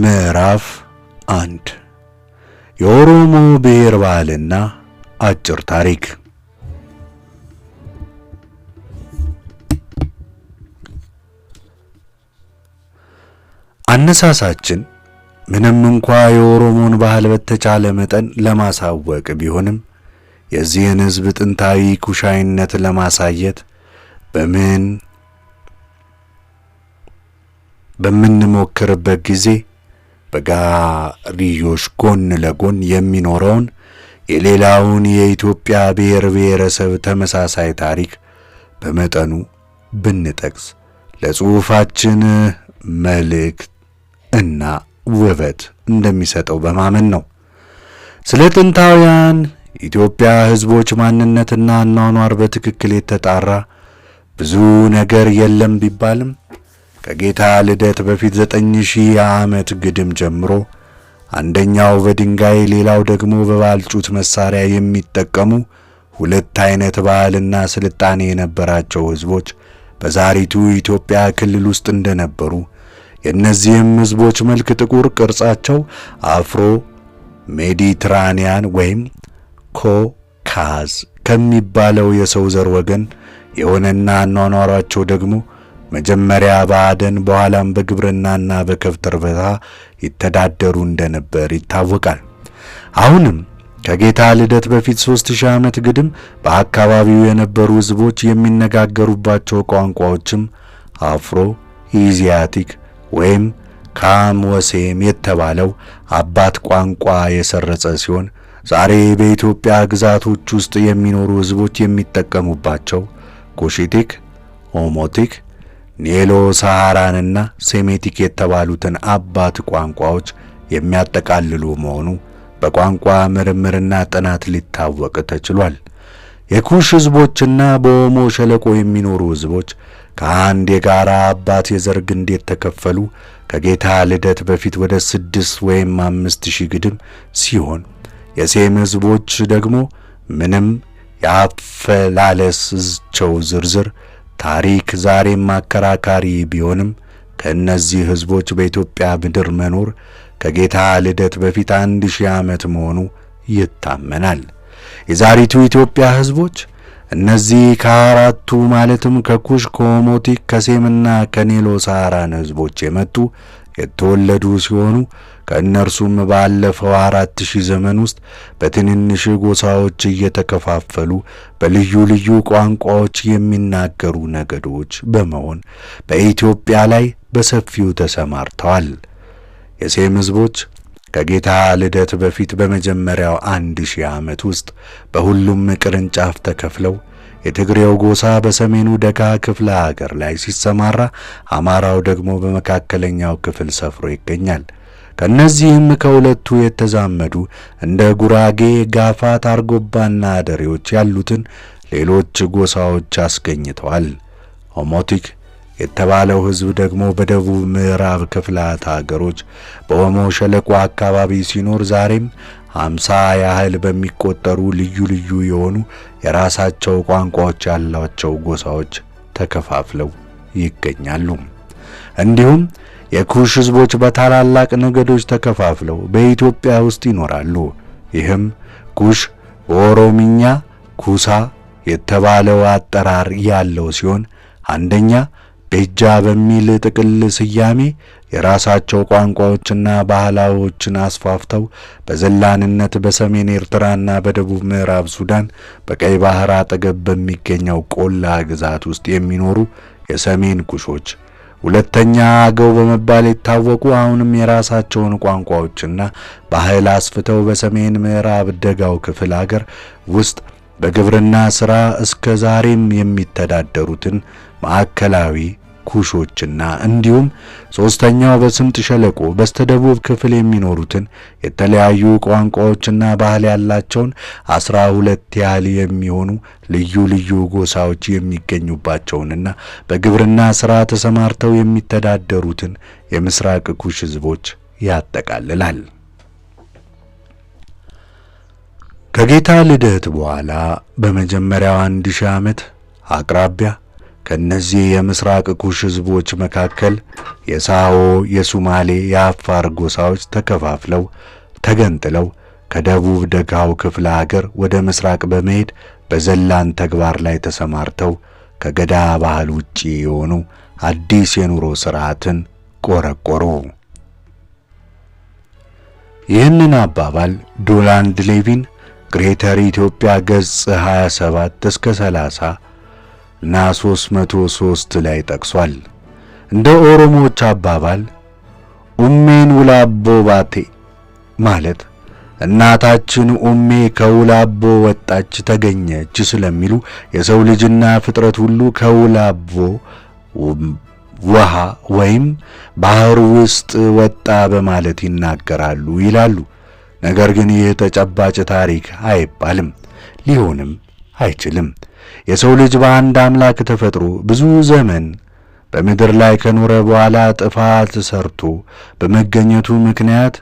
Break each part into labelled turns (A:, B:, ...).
A: ምዕራፍ አንድ የኦሮሞ ብሔር ባህልና አጭር ታሪክ። አነሳሳችን ምንም እንኳ የኦሮሞን ባህል በተቻለ መጠን ለማሳወቅ ቢሆንም የዚህን ሕዝብ ጥንታዊ ኩሻይነት ለማሳየት በምን በምንሞክርበት ጊዜ በጋሪዮሽ ጎን ለጎን የሚኖረውን የሌላውን የኢትዮጵያ ብሔር ብሔረሰብ ተመሳሳይ ታሪክ በመጠኑ ብንጠቅስ ለጽሑፋችን መልእክት እና ውበት እንደሚሰጠው በማመን ነው። ስለ ጥንታውያን ኢትዮጵያ ሕዝቦች ማንነትና አኗኗር በትክክል የተጣራ ብዙ ነገር የለም ቢባልም ከጌታ ልደት በፊት ዘጠኝ ሺህ ዓመት ግድም ጀምሮ አንደኛው በድንጋይ ሌላው ደግሞ በባልጩት መሳሪያ የሚጠቀሙ ሁለት አይነት ባህልና ስልጣኔ የነበራቸው ሕዝቦች በዛሪቱ ኢትዮጵያ ክልል ውስጥ እንደነበሩ የእነዚህም ሕዝቦች መልክ ጥቁር፣ ቅርጻቸው አፍሮ ሜዲትራኒያን ወይም ኮካዝ ከሚባለው የሰው ዘር ወገን የሆነና አኗኗሯቸው ደግሞ መጀመሪያ በአደን በኋላም በግብርናና በከብት እርባታ ይተዳደሩ እንደነበር ይታወቃል። አሁንም ከጌታ ልደት በፊት 3000 ዓመት ግድም በአካባቢው የነበሩ ሕዝቦች የሚነጋገሩባቸው ቋንቋዎችም አፍሮ ኢዚያቲክ ወይም ካም ወሴም የተባለው አባት ቋንቋ የሰረጸ ሲሆን ዛሬ በኢትዮጵያ ግዛቶች ውስጥ የሚኖሩ ሕዝቦች የሚጠቀሙባቸው ኩሽቲክ ኦሞቲክ ኔሎ ሳሃራንና ሴሜቲክ የተባሉትን አባት ቋንቋዎች የሚያጠቃልሉ መሆኑ በቋንቋ ምርምርና ጥናት ሊታወቅ ተችሏል። የኩሽ ሕዝቦችና በኦሞ ሸለቆ የሚኖሩ ሕዝቦች ከአንድ የጋራ አባት የዘር ግንድ የተከፈሉ ከጌታ ልደት በፊት ወደ ስድስት ወይም አምስት ሺህ ግድም ሲሆን የሴም ሕዝቦች ደግሞ ምንም የአፈላለስቸው ዝርዝር ታሪክ ዛሬም አከራካሪ ቢሆንም ከእነዚህ ሕዝቦች በኢትዮጵያ ምድር መኖር ከጌታ ልደት በፊት አንድ ሺህ ዓመት መሆኑ ይታመናል። የዛሪቱ ኢትዮጵያ ሕዝቦች እነዚህ ከአራቱ ማለትም ከኩሽ፣ ከኦሞቲክ፣ ከሴምና ከኔሎ ሳራን ሕዝቦች የመጡ የተወለዱ ሲሆኑ ከእነርሱም ባለፈው አራት ሺህ ዘመን ውስጥ በትንንሽ ጎሳዎች እየተከፋፈሉ በልዩ ልዩ ቋንቋዎች የሚናገሩ ነገዶች በመሆን በኢትዮጵያ ላይ በሰፊው ተሰማርተዋል። የሴም ሕዝቦች ከጌታ ልደት በፊት በመጀመሪያው አንድ ሺህ ዓመት ውስጥ በሁሉም ቅርንጫፍ ተከፍለው የትግሬው ጎሳ በሰሜኑ ደጋ ክፍለ ሀገር ላይ ሲሰማራ፣ አማራው ደግሞ በመካከለኛው ክፍል ሰፍሮ ይገኛል። ከእነዚህም ከሁለቱ የተዛመዱ እንደ ጉራጌ፣ ጋፋት፣ አርጎባና አደሬዎች ያሉትን ሌሎች ጎሳዎች አስገኝተዋል። ኦሞቲክ የተባለው ሕዝብ ደግሞ በደቡብ ምዕራብ ክፍላት አገሮች በኦሞ ሸለቆ አካባቢ ሲኖር ዛሬም አምሳ ያህል በሚቆጠሩ ልዩ ልዩ የሆኑ የራሳቸው ቋንቋዎች ያላቸው ጎሳዎች ተከፋፍለው ይገኛሉ። እንዲሁም የኩሽ ሕዝቦች በታላላቅ ነገዶች ተከፋፍለው በኢትዮጵያ ውስጥ ይኖራሉ። ይህም ኩሽ በኦሮምኛ ኩሳ የተባለው አጠራር ያለው ሲሆን አንደኛ ቤጃ በሚል ጥቅል ስያሜ የራሳቸው ቋንቋዎችና ባህላዎችን አስፋፍተው በዘላንነት በሰሜን ኤርትራና በደቡብ ምዕራብ ሱዳን በቀይ ባህር አጠገብ በሚገኘው ቆላ ግዛት ውስጥ የሚኖሩ የሰሜን ኩሾች ሁለተኛ አገው በመባል የታወቁ አሁንም የራሳቸውን ቋንቋዎችና ባህል አስፍተው በሰሜን ምዕራብ ደጋው ክፍል አገር ውስጥ በግብርና ሥራ እስከ ዛሬም የሚተዳደሩትን ማዕከላዊ ኩሾችና እንዲሁም ሶስተኛው በስምጥ ሸለቆ በስተደቡብ ክፍል የሚኖሩትን የተለያዩ ቋንቋዎችና ባህል ያላቸውን አስራ ሁለት ያህል የሚሆኑ ልዩ ልዩ ጎሳዎች የሚገኙባቸውንና በግብርና ስራ ተሰማርተው የሚተዳደሩትን የምስራቅ ኩሽ ህዝቦች ያጠቃልላል። ከጌታ ልደት በኋላ በመጀመሪያው አንድ ሺህ ዓመት አቅራቢያ ከእነዚህ የምስራቅ ኩሽ ህዝቦች መካከል የሳሆ፣ የሱማሌ፣ የአፋር ጎሳዎች ተከፋፍለው ተገንጥለው ከደቡብ ደጋው ክፍለ አገር ወደ ምስራቅ በመሄድ በዘላን ተግባር ላይ ተሰማርተው ከገዳ ባህል ውጪ የሆኑ አዲስ የኑሮ ሥርዓትን ቆረቆሩ። ይህንን አባባል ዶላንድ ሌቪን ግሬተር ኢትዮጵያ ገጽ 27 እስከ 30 እና 303 ላይ ጠቅሷል። እንደ ኦሮሞዎች አባባል ኡሜን ውላቦ ባቴ ማለት እናታችን ኡሜ ከውላቦ ወጣች ተገኘች ስለሚሉ የሰው ልጅና ፍጥረት ሁሉ ከውላቦ ውሃ ወይም ባህር ውስጥ ወጣ በማለት ይናገራሉ ይላሉ። ነገር ግን ይህ ተጨባጭ ታሪክ አይባልም፣ ሊሆንም አይችልም። የሰው ልጅ በአንድ አምላክ ተፈጥሮ ብዙ ዘመን በምድር ላይ ከኖረ በኋላ ጥፋት ሰርቶ በመገኘቱ ምክንያት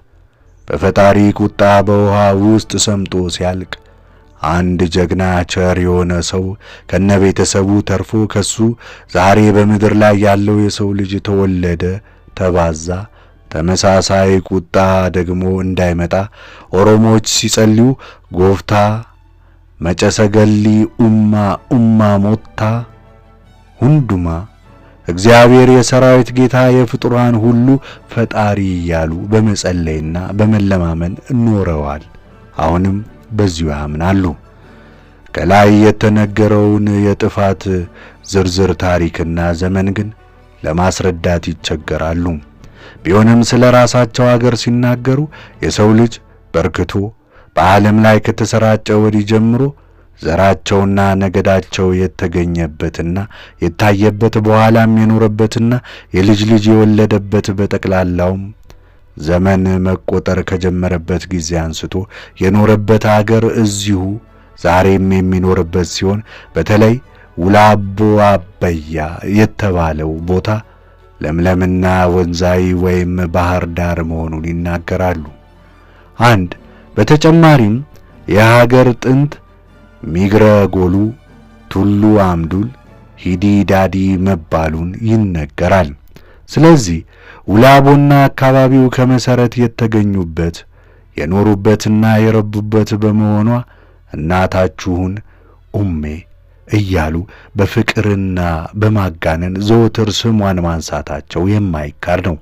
A: በፈጣሪ ቁጣ በውሃ ውስጥ ሰምጦ ሲያልቅ አንድ ጀግና ቸር የሆነ ሰው ከነ ቤተሰቡ ተርፎ ከሱ ዛሬ በምድር ላይ ያለው የሰው ልጅ ተወለደ፣ ተባዛ። ተመሳሳይ ቁጣ ደግሞ እንዳይመጣ ኦሮሞዎች ሲጸልዩ ጎፍታ መጨሰገሊ ኡማ ኡማ ሞታ ሁንዱማ እግዚአብሔር የሰራዊት ጌታ የፍጡራን ሁሉ ፈጣሪ እያሉ በመጸለይና በመለማመን ኖረዋል። አሁንም በዚሁ ያምናሉ። ከላይ የተነገረውን የጥፋት ዝርዝር ታሪክና ዘመን ግን ለማስረዳት ይቸገራሉ። ቢሆንም ስለ ራሳቸው አገር ሲናገሩ የሰው ልጅ በርክቶ በዓለም ላይ ከተሰራጨ ወዲህ ጀምሮ ዘራቸውና ነገዳቸው የተገኘበትና የታየበት በኋላም የኖረበትና የልጅ ልጅ የወለደበት በጠቅላላውም ዘመን መቆጠር ከጀመረበት ጊዜ አንስቶ የኖረበት አገር እዚሁ ዛሬም የሚኖርበት ሲሆን በተለይ ውላቦ አበያ የተባለው ቦታ ለምለምና ወንዛዊ ወይም ባህር ዳር መሆኑን ይናገራሉ። አንድ በተጨማሪም የሀገር ጥንት ሚግረ ጎሉ፣ ቱሉ አምዱል፣ ሂዲ ዳዲ መባሉን ይነገራል። ስለዚህ ውላቦና አካባቢው ከመሠረት የተገኙበት የኖሩበትና የረቡበት በመሆኗ እናታችሁን ኡሜ እያሉ በፍቅርና በማጋነን ዘወትር ስሟን ማንሳታቸው የማይካድ ነው።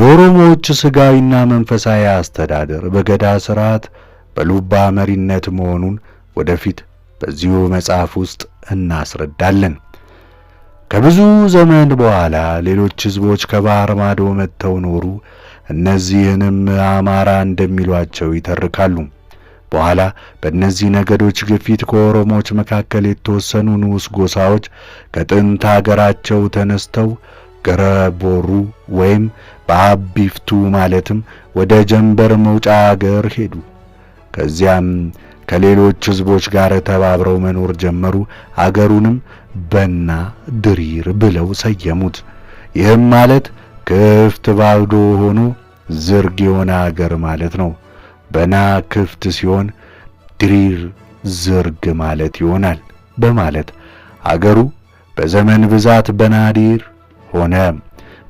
A: የኦሮሞዎች ሥጋዊና መንፈሳዊ አስተዳደር በገዳ ሥርዓት በሉባ መሪነት መሆኑን ወደፊት በዚሁ መጽሐፍ ውስጥ እናስረዳለን። ከብዙ ዘመን በኋላ ሌሎች ሕዝቦች ከባህር ማዶ መጥተው ኖሩ። እነዚህንም አማራ እንደሚሏቸው ይተርካሉ። በኋላ በእነዚህ ነገዶች ግፊት ከኦሮሞዎች መካከል የተወሰኑ ንዑስ ጎሳዎች ከጥንት አገራቸው ተነስተው ገረቦሩ ወይም በአብ ማለትም ወደ ጀንበር መውጫ አገር ሄዱ። ከዚያም ከሌሎች ሕዝቦች ጋር ተባብረው መኖር ጀመሩ። አገሩንም በና ድሪር ብለው ሰየሙት። ይህም ማለት ክፍት ባዶ ሆኖ ዝርግ የሆነ አገር ማለት ነው። በና ክፍት ሲሆን ድሪር ዝርግ ማለት ይሆናል በማለት አገሩ በዘመን ብዛት በናዲር ሆነም።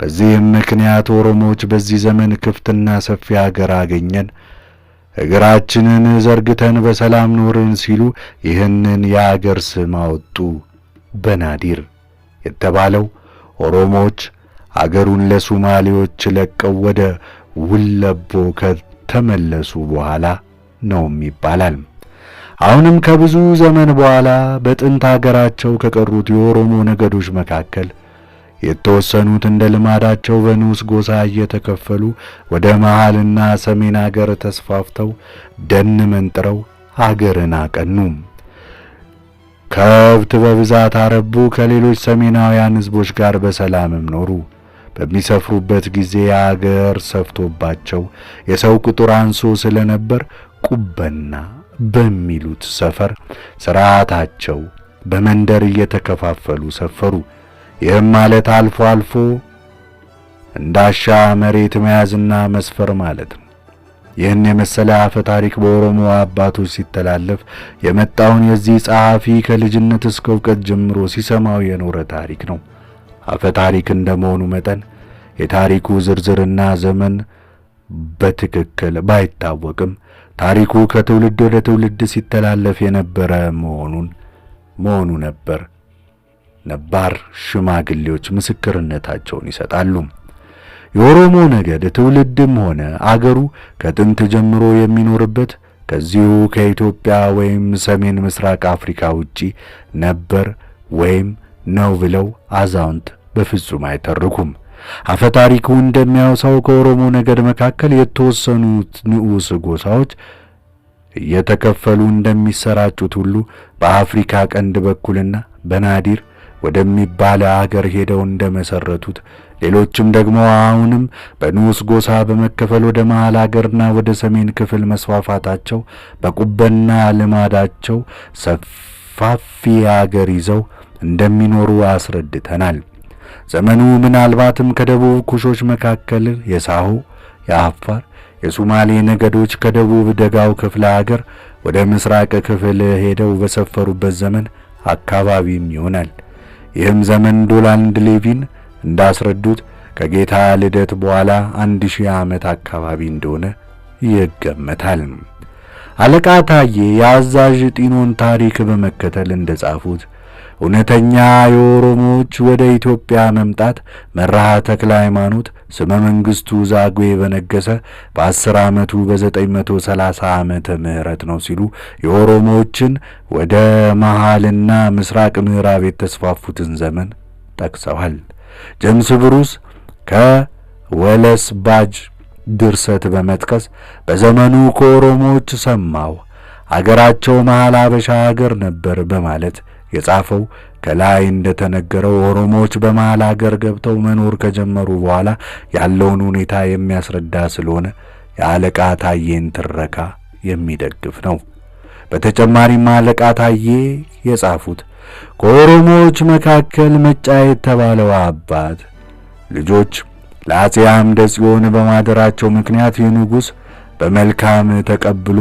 A: በዚህም ምክንያት ኦሮሞዎች በዚህ ዘመን ክፍትና ሰፊ አገር አገኘን፣ እግራችንን ዘርግተን በሰላም ኖርን ሲሉ ይህንን የአገር ስም አወጡ። በናዲር የተባለው ኦሮሞዎች አገሩን ለሱማሌዎች ለቀው ወደ ውለቦ ከተመለሱ በኋላ ነውም ይባላል። አሁንም ከብዙ ዘመን በኋላ በጥንት አገራቸው ከቀሩት የኦሮሞ ነገዶች መካከል የተወሰኑት እንደ ልማዳቸው በንዑስ ጎሳ እየተከፈሉ ወደ መሃልና ሰሜን አገር ተስፋፍተው ደን መንጥረው አገርን አቀኑ። ከብት በብዛት አረቡ። ከሌሎች ሰሜናውያን ሕዝቦች ጋር በሰላምም ኖሩ። በሚሰፍሩበት ጊዜ አገር ሰፍቶባቸው የሰው ቁጥር አንሶ ስለነበር ቁበና በሚሉት ሰፈር ስርዓታቸው በመንደር እየተከፋፈሉ ሰፈሩ። ይህም ማለት አልፎ አልፎ እንዳሻ መሬት መያዝና መስፈር ማለት ነው። ይህን የመሰለ አፈ ታሪክ በኦሮሞ አባቶች ሲተላለፍ የመጣውን የዚህ ጸሐፊ ከልጅነት እስከ እውቀት ጀምሮ ሲሰማው የኖረ ታሪክ ነው። አፈ ታሪክ እንደመሆኑ መጠን የታሪኩ ዝርዝርና ዘመን በትክክል ባይታወቅም ታሪኩ ከትውልድ ወደ ትውልድ ሲተላለፍ የነበረ መሆኑን መሆኑ ነበር። ነባር ሽማግሌዎች ምስክርነታቸውን ይሰጣሉ። የኦሮሞ ነገድ ትውልድም ሆነ አገሩ ከጥንት ጀምሮ የሚኖርበት ከዚሁ ከኢትዮጵያ ወይም ሰሜን ምስራቅ አፍሪካ ውጪ ነበር ወይም ነው ብለው አዛውንት በፍጹም አይተርኩም። አፈታሪኩ እንደሚያወሳው ከኦሮሞ ነገድ መካከል የተወሰኑት ንዑስ ጎሳዎች እየተከፈሉ እንደሚሰራጩት ሁሉ በአፍሪካ ቀንድ በኩልና በናዲር ወደሚባል አገር ሄደው እንደመሰረቱት ሌሎችም ደግሞ አሁንም በንዑስ ጎሳ በመከፈል ወደ መሃል አገርና ወደ ሰሜን ክፍል መስፋፋታቸው በቁበና ልማዳቸው ሰፋፊ አገር ይዘው እንደሚኖሩ አስረድተናል። ዘመኑ ምናልባትም ከደቡብ ኩሾች መካከል የሳሆ፣ የአፋር፣ የሱማሌ ነገዶች ከደቡብ ደጋው ክፍለ አገር ወደ ምስራቅ ክፍል ሄደው በሰፈሩበት ዘመን አካባቢም ይሆናል። ይህም ዘመን ዶላንድ ሌቪን እንዳስረዱት ከጌታ ልደት በኋላ አንድ ሺህ ዓመት አካባቢ እንደሆነ ይገመታል። አለቃ ታዬ የአዛዥ ጢኖን ታሪክ በመከተል እንደጻፉት እውነተኛ የኦሮሞዎች ወደ ኢትዮጵያ መምጣት መራሃ ተክለ ሃይማኖት ስመ መንግሥቱ ዛጉዌ በነገሰ በአስር ዓመቱ በ930 ዓመተ ምህረት ነው ሲሉ የኦሮሞዎችን ወደ መሃልና ምስራቅ ምዕራብ የተስፋፉትን ዘመን ጠቅሰዋል። ጀምስ ብሩስ ባጅ ድርሰት በመጥቀስ በዘመኑ ከኦሮሞዎች ሰማው አገራቸው መሃል አበሻ አገር ነበር በማለት የጻፈው ከላይ እንደተነገረው ኦሮሞዎች በመሃል አገር ገብተው መኖር ከጀመሩ በኋላ ያለውን ሁኔታ የሚያስረዳ ስለሆነ የአለቃ ታዬን ትረካ የሚደግፍ ነው። በተጨማሪም አለቃ ታዬ የጻፉት ከኦሮሞዎች መካከል መጫ የተባለው አባት ልጆች ለአፄ አምደ ጽዮን በማደራቸው ምክንያት ይህ በመልካም ተቀብሎ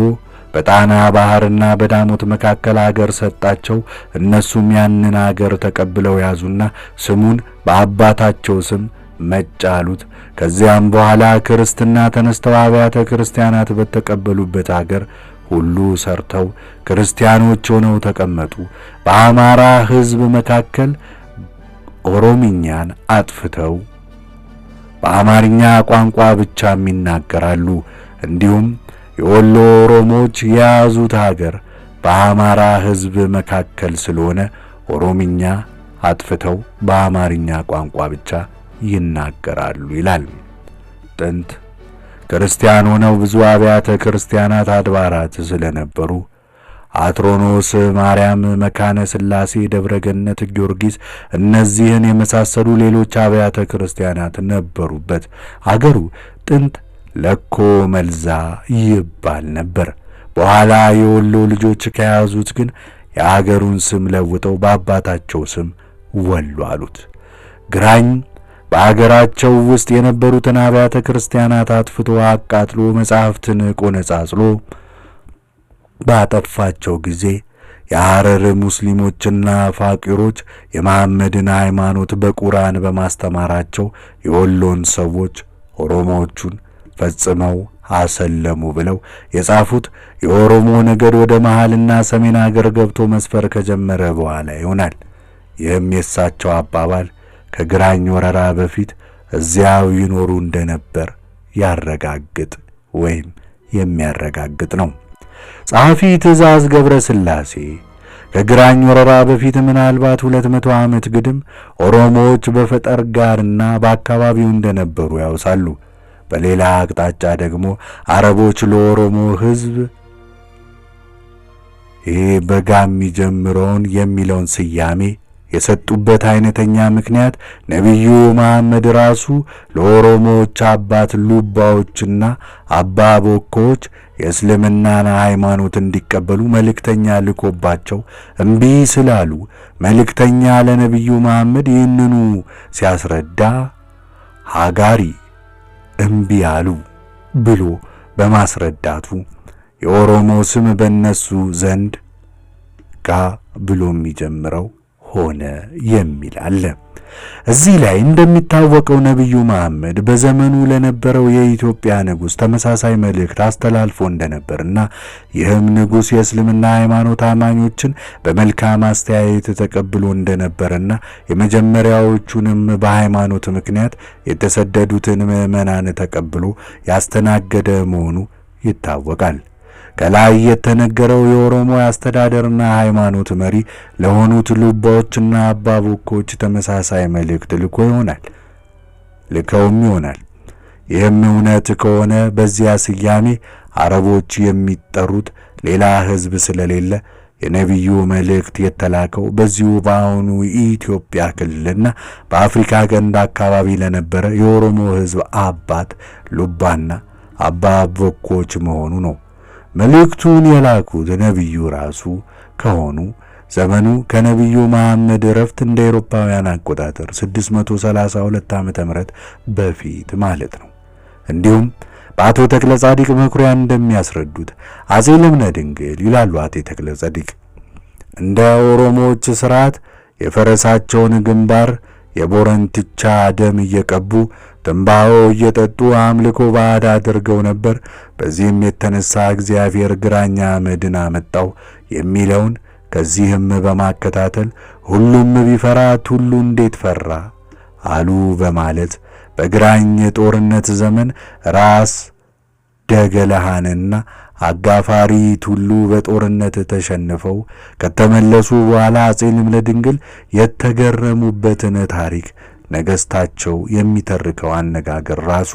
A: በጣና ባህርና በዳሞት መካከል አገር ሰጣቸው። እነሱም ያንን አገር ተቀብለው ያዙና ስሙን በአባታቸው ስም መጫሉት። ከዚያም በኋላ ክርስትና ተነስተው አብያተ ክርስቲያናት በተቀበሉበት አገር ሁሉ ሰርተው ክርስቲያኖች ሆነው ተቀመጡ። በአማራ ሕዝብ መካከል ኦሮምኛን አጥፍተው በአማርኛ ቋንቋ ብቻም ይናገራሉ። እንዲሁም የወሎ ኦሮሞዎች የያዙት ሀገር በአማራ ሕዝብ መካከል ስለሆነ ኦሮምኛ አጥፍተው በአማርኛ ቋንቋ ብቻ ይናገራሉ ይላል። ጥንት ክርስቲያን ሆነው ብዙ አብያተ ክርስቲያናት አድባራት ስለነበሩ አትሮኖስ፣ ማርያም፣ መካነ ሥላሴ፣ ደብረገነት፣ ጊዮርጊስ እነዚህን የመሳሰሉ ሌሎች አብያተ ክርስቲያናት ነበሩበት። አገሩ ጥንት ለኮ መልዛ ይባል ነበር። በኋላ የወሎ ልጆች ከያዙት ግን የአገሩን ስም ለውጠው በአባታቸው ስም ወሎ አሉት። ግራኝ በአገራቸው ውስጥ የነበሩትን አብያተ ክርስቲያናት አጥፍቶ አቃጥሎ መጻሕፍትን ቆነጻጽሎ ባጠፋቸው ጊዜ የሐረር ሙስሊሞችና ፋቂሮች የመሐመድን ሃይማኖት በቁርአን በማስተማራቸው የወሎን ሰዎች ኦሮሞዎቹን ፈጽመው አሰለሙ ብለው የጻፉት የኦሮሞ ነገድ ወደ መሃልና ሰሜን አገር ገብቶ መስፈር ከጀመረ በኋላ ይሆናል። ይህም የእሳቸው አባባል ከግራኝ ወረራ በፊት እዚያው ይኖሩ እንደነበር ያረጋግጥ ወይም የሚያረጋግጥ ነው። ጸሐፊ ትእዛዝ ገብረ ሥላሴ ከግራኝ ወረራ በፊት ምናልባት ሁለት መቶ ዓመት ግድም ኦሮሞዎች በፈጠር ጋርና በአካባቢው እንደነበሩ ያውሳሉ። በሌላ አቅጣጫ ደግሞ አረቦች ለኦሮሞ ሕዝብ ይህ በጋ የሚጀምረውን የሚለውን ስያሜ የሰጡበት አይነተኛ ምክንያት ነቢዩ መሐመድ ራሱ ለኦሮሞዎች አባት ሉባዎችና አባ ቦኮዎች የእስልምናን ሃይማኖት እንዲቀበሉ መልእክተኛ ልኮባቸው እምቢ ስላሉ መልእክተኛ ለነቢዩ መሐመድ ይህንኑ ሲያስረዳ ሀጋሪ እምቢ አሉ ብሎ በማስረዳቱ የኦሮሞ ስም በነሱ ዘንድ ጋ ብሎ የሚጀምረው ሆነ የሚል እዚህ ላይ እንደሚታወቀው ነቢዩ መሐመድ በዘመኑ ለነበረው የኢትዮጵያ ንጉሥ ተመሳሳይ መልእክት አስተላልፎ እንደነበርና ይህም ንጉሥ የእስልምና ሃይማኖት አማኞችን በመልካም አስተያየት ተቀብሎ እንደነበርና የመጀመሪያዎቹንም በሃይማኖት ምክንያት የተሰደዱትን ምዕመናን ተቀብሎ ያስተናገደ መሆኑ ይታወቃል። ከላይ የተነገረው የኦሮሞ አስተዳደርና ሃይማኖት መሪ ለሆኑት ሉባዎችና አባቦኮች ተመሳሳይ መልእክት ልኮ ይሆናል ልከውም ይሆናል። ይህም እውነት ከሆነ በዚያ ስያሜ አረቦች የሚጠሩት ሌላ ሕዝብ ስለሌለ የነቢዩ መልእክት የተላከው በዚሁ በአሁኑ ኢትዮጵያ ክልልና በአፍሪካ ቀንድ አካባቢ ለነበረ የኦሮሞ ሕዝብ አባት ሉባና አባ መሆኑ ነው። መልእክቱን የላኩት ነቢዩ ራሱ ከሆኑ ዘመኑ ከነቢዩ መሐመድ እረፍት እንደ አውሮፓውያን አቆጣጠር 632 ዓ.ም በፊት ማለት ነው። እንዲሁም በአቶ ተክለ ጻዲቅ መኩሪያ እንደሚያስረዱት አጼ ልብነ ድንግል ይላሉ አቴ ተክለ ጻዲቅ እንደ ኦሮሞዎች ስርዓት የፈረሳቸውን ግንባር የቦረንትቻ ደም እየቀቡ ትንባሆ እየጠጡ አምልኮ ባዕድ አድርገው ነበር። በዚህም የተነሳ እግዚአብሔር ግራኛ አመድን አመጣው የሚለውን ከዚህም በማከታተል ሁሉም ቢፈራት ሁሉ እንዴት ፈራ አሉ በማለት በግራኝ የጦርነት ዘመን ራስ ደገለሃንና አጋፋሪ ሁሉ በጦርነት ተሸንፈው ከተመለሱ በኋላ አጼ ልምነ ድንግል የተገረሙበትን ታሪክ ነገሥታቸው የሚተርከው አነጋገር ራሱ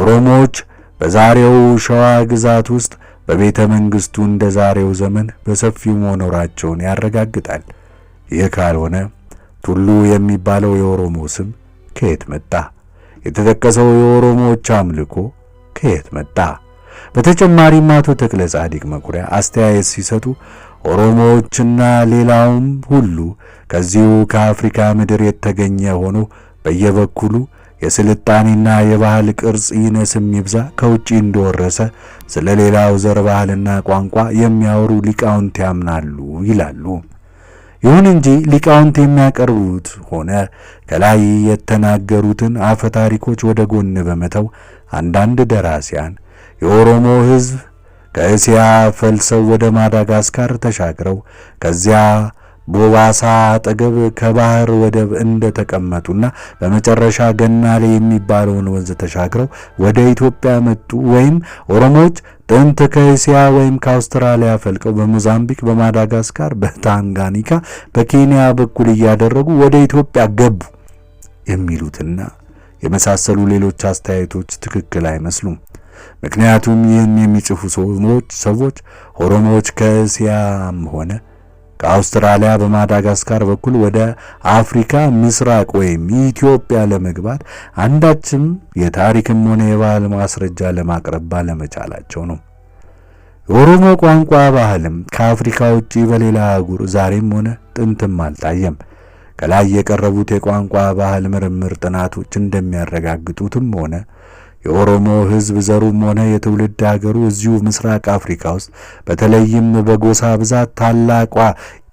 A: ኦሮሞዎች በዛሬው ሸዋ ግዛት ውስጥ በቤተ መንግሥቱ እንደ ዛሬው ዘመን በሰፊው መኖራቸውን ያረጋግጣል። ይህ ካልሆነ ቱሉ የሚባለው የኦሮሞ ስም ከየት መጣ? የተጠቀሰው የኦሮሞዎች አምልኮ ከየት መጣ? በተጨማሪም አቶ ተክለ ጻዲቅ መኩሪያ አስተያየት ሲሰጡ ኦሮሞዎችና ሌላውም ሁሉ ከዚሁ ከአፍሪካ ምድር የተገኘ ሆኖ በየበኩሉ የስልጣኔና የባህል ቅርጽ ይነስም ይብዛ ከውጪ እንደወረሰ ስለ ሌላው ዘር ባህልና ቋንቋ የሚያወሩ ሊቃውንት ያምናሉ ይላሉ። ይሁን እንጂ ሊቃውንት የሚያቀርቡት ሆነ ከላይ የተናገሩትን አፈ ታሪኮች ወደ ጎን በመተው አንዳንድ ደራሲያን የኦሮሞ ሕዝብ ከእስያ ፈልሰው ወደ ማዳጋስካር ተሻግረው ከዚያ ቦባሳ አጠገብ ከባህር ወደብ እንደተቀመጡና በመጨረሻ ገናሌ የሚባለውን ወንዝ ተሻግረው ወደ ኢትዮጵያ መጡ። ወይም ኦሮሞዎች ጥንት ከእስያ ወይም ከአውስትራሊያ ፈልቀው በሞዛምቢክ፣ በማዳጋስካር፣ በታንጋኒካ፣ በኬንያ በኩል እያደረጉ ወደ ኢትዮጵያ ገቡ የሚሉትና የመሳሰሉ ሌሎች አስተያየቶች ትክክል አይመስሉም። ምክንያቱም ይህን የሚጽፉ ሰዎች ሰዎች ኦሮሞዎች ከእስያም ሆነ ከአውስትራሊያ በማዳጋስካር በኩል ወደ አፍሪካ ምስራቅ ወይም ኢትዮጵያ ለመግባት አንዳችም የታሪክም ሆነ የባህል ማስረጃ ለማቅረብ ባለመቻላቸው ነው። የኦሮሞ ቋንቋ ባህልም ከአፍሪካ ውጪ በሌላ አህጉር ዛሬም ሆነ ጥንትም አልታየም። ከላይ የቀረቡት የቋንቋ ባህል ምርምር ጥናቶች እንደሚያረጋግጡትም ሆነ የኦሮሞ ሕዝብ ዘሩም ሆነ የትውልድ ሀገሩ እዚሁ ምስራቅ አፍሪካ ውስጥ በተለይም በጎሳ ብዛት ታላቋ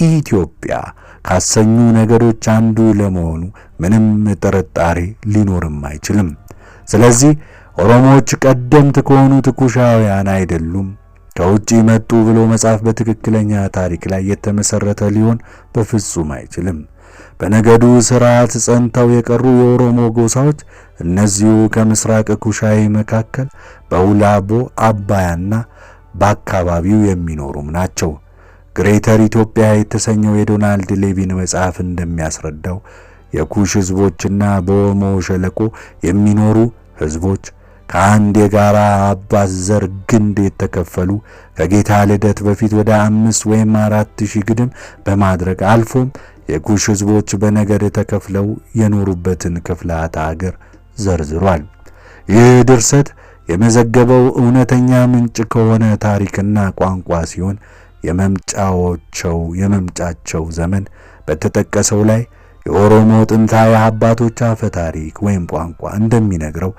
A: ኢትዮጵያ ካሰኙ ነገዶች አንዱ ለመሆኑ ምንም ጥርጣሬ ሊኖርም አይችልም። ስለዚህ ኦሮሞዎች ቀደምት ከሆኑ ትኩሻውያን አይደሉም፣ ከውጭ መጡ ብሎ መጻፍ በትክክለኛ ታሪክ ላይ የተመሰረተ ሊሆን በፍጹም አይችልም። በነገዱ ስራት ጸንተው የቀሩ የኦሮሞ ጎሳዎች እነዚሁ ከምስራቅ ኩሻይ መካከል በሁላቦ አባያና በአካባቢው የሚኖሩም ናቸው። ግሬተር ኢትዮጵያ የተሰኘው የዶናልድ ሌቪን መጽሐፍ እንደሚያስረዳው የኩሽ ሕዝቦችና በኦሞ ሸለቆ የሚኖሩ ሕዝቦች ከአንድ የጋራ አባት ዘር ግንድ የተከፈሉ ከጌታ ልደት በፊት ወደ አምስት ወይም አራት ሺህ ግድም በማድረግ አልፎም የኩሽ ሕዝቦች በነገድ ተከፍለው የኖሩበትን ክፍላት አገር ዘርዝሯል። ይህ ድርሰት የመዘገበው እውነተኛ ምንጭ ከሆነ ታሪክና ቋንቋ ሲሆን የመምጫዎቸው የመምጫቸው ዘመን በተጠቀሰው ላይ የኦሮሞ ጥንታዊ አባቶች አፈ ታሪክ ወይም ቋንቋ እንደሚነግረው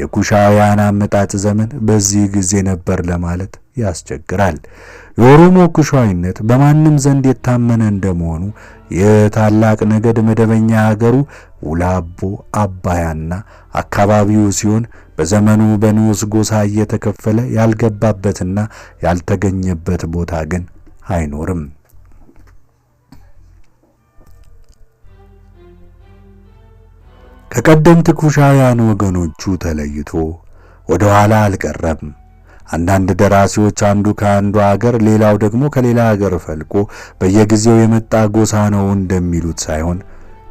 A: የኩሻውያን አመጣጥ ዘመን በዚህ ጊዜ ነበር ለማለት ያስቸግራል። የኦሮሞ ኩሻዊነት በማንም ዘንድ የታመነ እንደመሆኑ የታላቅ ነገድ መደበኛ አገሩ ውላቦ አባያና አካባቢው ሲሆን በዘመኑ በንዑስ ጎሳ እየተከፈለ ያልገባበትና ያልተገኘበት ቦታ ግን አይኖርም። ከቀደምት ኩሻውያን ወገኖቹ ተለይቶ ወደ ኋላ አልቀረም። አንዳንድ ደራሲዎች አንዱ ከአንዱ አገር ሌላው ደግሞ ከሌላ አገር ፈልቆ በየጊዜው የመጣ ጎሳ ነው እንደሚሉት ሳይሆን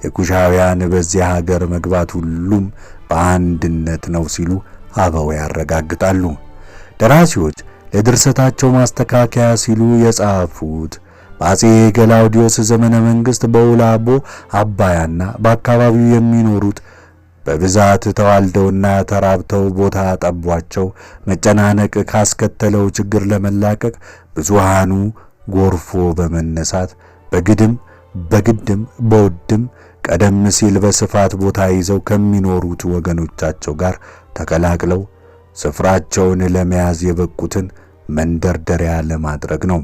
A: የኩሻውያን በዚያ ሀገር መግባት ሁሉም በአንድነት ነው ሲሉ አበው ያረጋግጣሉ። ደራሲዎች ለድርሰታቸው ማስተካከያ ሲሉ የጻፉት በአጼ ገላውዲዮስ ዘመነ መንግሥት በውላቦ አባያና በአካባቢው የሚኖሩት በብዛት ተዋልደውና ተራብተው ቦታ ጠቧቸው። መጨናነቅ ካስከተለው ችግር ለመላቀቅ ብዙሃኑ ጎርፎ በመነሳት በግድም በግድም በውድም ቀደም ሲል በስፋት ቦታ ይዘው ከሚኖሩት ወገኖቻቸው ጋር ተቀላቅለው ስፍራቸውን ለመያዝ የበቁትን መንደርደሪያ ለማድረግ ነው።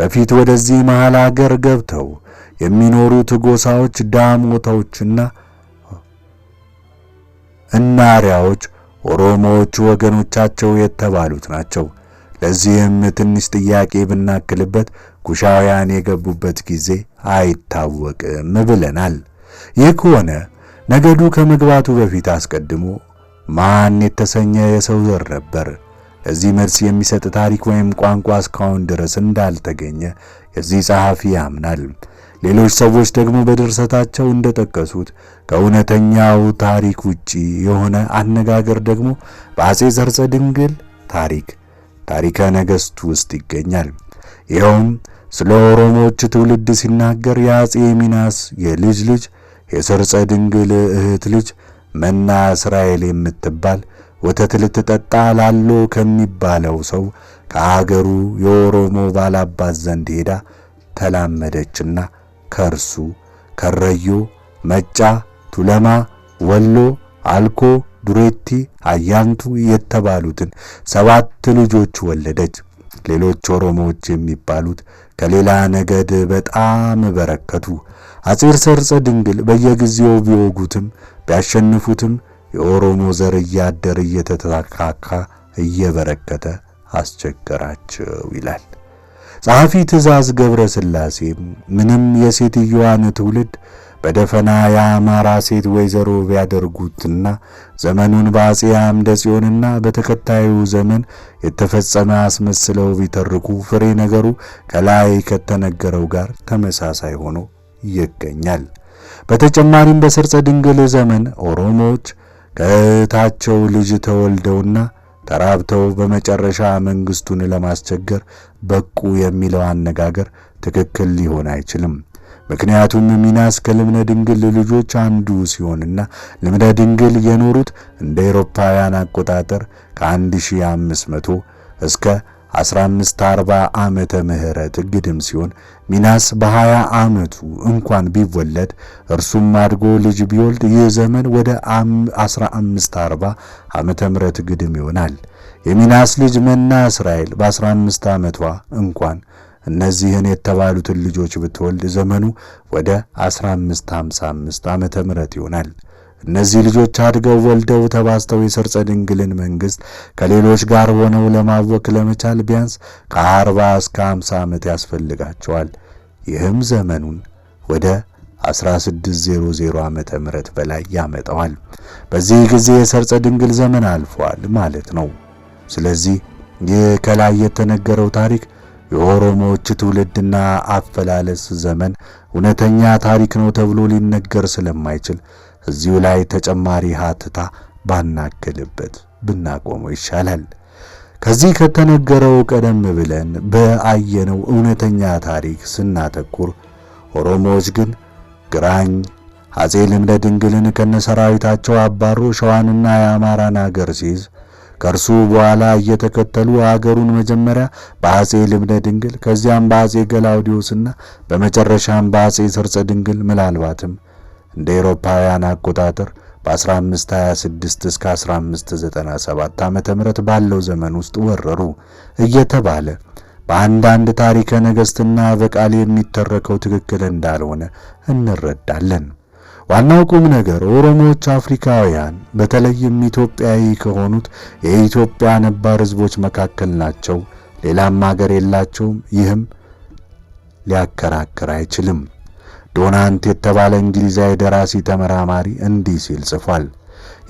A: በፊት ወደዚህ መሃል አገር ገብተው የሚኖሩት ጎሳዎች ዳሞታዎችና እና ኦሮሞዎች ወገኖቻቸው የተባሉት ናቸው። ለዚህም ትንሽ ጥያቄ ብናክልበት ኩሻውያን የገቡበት ጊዜ አይታወቅም ብለናል። ይህ ከሆነ ነገዱ ከመግባቱ በፊት አስቀድሞ ማን የተሰኘ የሰው ዘር ነበር? ለዚህ መልስ የሚሰጥ ታሪክ ወይም ቋንቋ እስካሁን ድረስ እንዳልተገኘ የዚህ ጸሐፊ ያምናል። ሌሎች ሰዎች ደግሞ በድርሰታቸው እንደጠቀሱት ከእውነተኛው ታሪክ ውጪ የሆነ አነጋገር ደግሞ በአጼ ዘርፀ ድንግል ታሪክ ታሪከ ነገሥት ውስጥ ይገኛል። ይኸውም ስለ ኦሮሞዎች ትውልድ ሲናገር የአጼ ሚናስ የልጅ ልጅ የሰርፀ ድንግል እህት ልጅ መና እስራኤል የምትባል ወተት ልትጠጣ ላሎ ከሚባለው ሰው ከአገሩ የኦሮሞ ባላባት ዘንድ ሄዳ ተላመደችና ከእርሱ ከረዩ፣ መጫ፣ ቱለማ፣ ወሎ፣ አልኮ፣ ዱሬቲ፣ አያንቱ የተባሉትን ሰባት ልጆች ወለደች። ሌሎች ኦሮሞዎች የሚባሉት ከሌላ ነገድ በጣም በረከቱ። አጼር ሰርጸ ድንግል በየጊዜው ቢወጉትም ቢያሸንፉትም የኦሮሞ ዘር እያደር እየተተካካ እየበረከተ አስቸገራቸው ይላል። ጸሐፊ ትእዛዝ ገብረ ሥላሴም ምንም የሴትየዋን ትውልድ በደፈና የአማራ ሴት ወይዘሮ ቢያደርጉትና ዘመኑን በአጼ አምደ ጽዮንና በተከታዩ ዘመን የተፈጸመ አስመስለው ቢተርኩ ፍሬ ነገሩ ከላይ ከተነገረው ጋር ተመሳሳይ ሆኖ ይገኛል። በተጨማሪም በሰርጸ ድንግል ዘመን ኦሮሞዎች ከእህታቸው ልጅ ተወልደውና ተራብተው በመጨረሻ መንግስቱን ለማስቸገር በቁ የሚለው አነጋገር ትክክል ሊሆን አይችልም። ምክንያቱም ሚናስ ከልብነ ድንግል ልጆች አንዱ ሲሆንና ልብነ ድንግል የኖሩት እንደ ኤሮፓውያን አቆጣጠር ከ1500 እስከ 1540 ዓመተ ምህረት ግድም ሲሆን ሚናስ በ20 ዓመቱ እንኳን ቢወለድ እርሱም አድጎ ልጅ ቢወልድ ይህ ዘመን ወደ 1540 ዓመተ ምህረት ግድም ይሆናል። የሚናስ ልጅ መና እስራኤል በ15 ዓመቷ እንኳን እነዚህን የተባሉትን ልጆች ብትወልድ ዘመኑ ወደ 1555 ዓመተ ምህረት ይሆናል። እነዚህ ልጆች አድገው ወልደው ተባዝተው የሰርጸ ድንግልን መንግሥት ከሌሎች ጋር ሆነው ለማወክ ለመቻል ቢያንስ ከአርባ እስከ 50 ዓመት ያስፈልጋቸዋል። ይህም ዘመኑን ወደ 1600 ዓመተ ምህረት በላይ ያመጣዋል። በዚህ ጊዜ የሰርጸ ድንግል ዘመን አልፏል ማለት ነው። ስለዚህ ይህ ከላይ የተነገረው ታሪክ የኦሮሞዎች ትውልድና አፈላለስ ዘመን እውነተኛ ታሪክ ነው ተብሎ ሊነገር ስለማይችል እዚሁ ላይ ተጨማሪ ሀትታ ባናክልበት ብናቆመው ይሻላል። ከዚህ ከተነገረው ቀደም ብለን በአየነው እውነተኛ ታሪክ ስናተኩር ኦሮሞዎች ግን ግራኝ አጼ ልምለ ድንግልን ከነሰራዊታቸው አባሮ ሸዋንና የአማራን አገር ሲይዝ ከእርሱ በኋላ እየተከተሉ አገሩን መጀመሪያ በአጼ ልምለ ድንግል ከዚያም በአጼ ገላውዲዮስና በመጨረሻም በአጼ ሰርጸ ድንግል ምናልባትም እንደ ኤሮፓውያን አቆጣጠር በ1526 እስከ 1597 ዓ.ም ባለው ዘመን ውስጥ ወረሩ እየተባለ በአንዳንድ ታሪከ ነገሥትና በቃል የሚተረከው ትክክል እንዳልሆነ እንረዳለን። ዋናው ቁም ነገር ኦሮሞዎች አፍሪካውያን በተለይም ኢትዮጵያዊ ከሆኑት የኢትዮጵያ ነባር ሕዝቦች መካከል ናቸው። ሌላም አገር የላቸውም። ይህም ሊያከራክር አይችልም። ዶናንት የተባለ እንግሊዛዊ ደራሲ ተመራማሪ እንዲህ ሲል ጽፏል።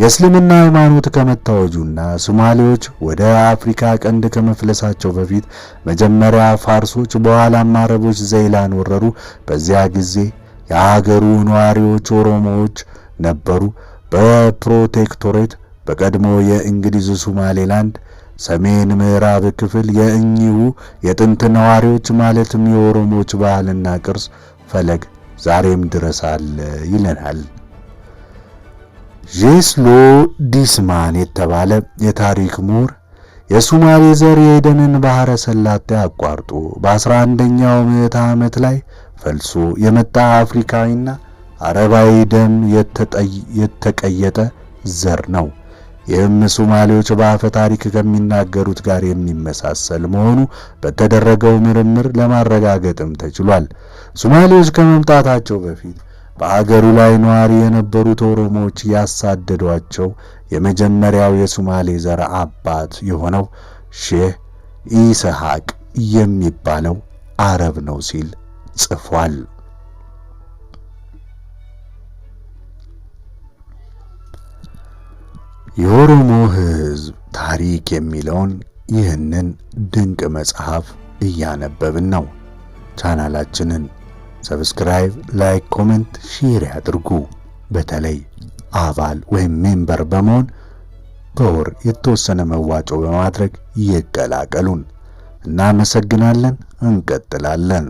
A: የእስልምና ሃይማኖት ከመታወጁና ሶማሌዎች ወደ አፍሪካ ቀንድ ከመፍለሳቸው በፊት መጀመሪያ ፋርሶች በኋላም አረቦች ዘይላን ወረሩ። በዚያ ጊዜ የሀገሩ ነዋሪዎች ኦሮሞዎች ነበሩ። በፕሮቴክቶሬት በቀድሞ የእንግሊዝ ሶማሌላንድ ሰሜን ምዕራብ ክፍል የእኚሁ የጥንት ነዋሪዎች ማለትም የኦሮሞዎች ባህልና ቅርስ ፈለግ ዛሬም ድረስ አለ ይለናል። ጄስሎ ዲስማን የተባለ የታሪክ ምሁር የሱማሌ ዘር የኤደንን ባሕረ ሰላጤ አቋርጦ በ11ኛው ምዕተ ዓመት ላይ ፈልሶ የመጣ አፍሪካዊና አረባዊ ደም የተቀየጠ ዘር ነው። ይህም ሱማሌዎች በአፈ ታሪክ ከሚናገሩት ጋር የሚመሳሰል መሆኑ በተደረገው ምርምር ለማረጋገጥም ተችሏል። ሱማሌዎች ከመምጣታቸው በፊት በአገሩ ላይ ነዋሪ የነበሩት ኦሮሞዎች ያሳደዷቸው የመጀመሪያው የሱማሌ ዘር አባት የሆነው ሼህ ኢስሐቅ የሚባለው አረብ ነው ሲል ጽፏል። የኦሮሞ ሕዝብ ታሪክ የሚለውን ይህንን ድንቅ መጽሐፍ እያነበብን ነው። ቻናላችንን ሰብስክራይብ፣ ላይክ፣ ኮሜንት፣ ሼር ያድርጉ። በተለይ አባል ወይም ሜምበር በመሆን በወር የተወሰነ መዋጮ በማድረግ ይቀላቀሉን። እናመሰግናለን። እንቀጥላለን።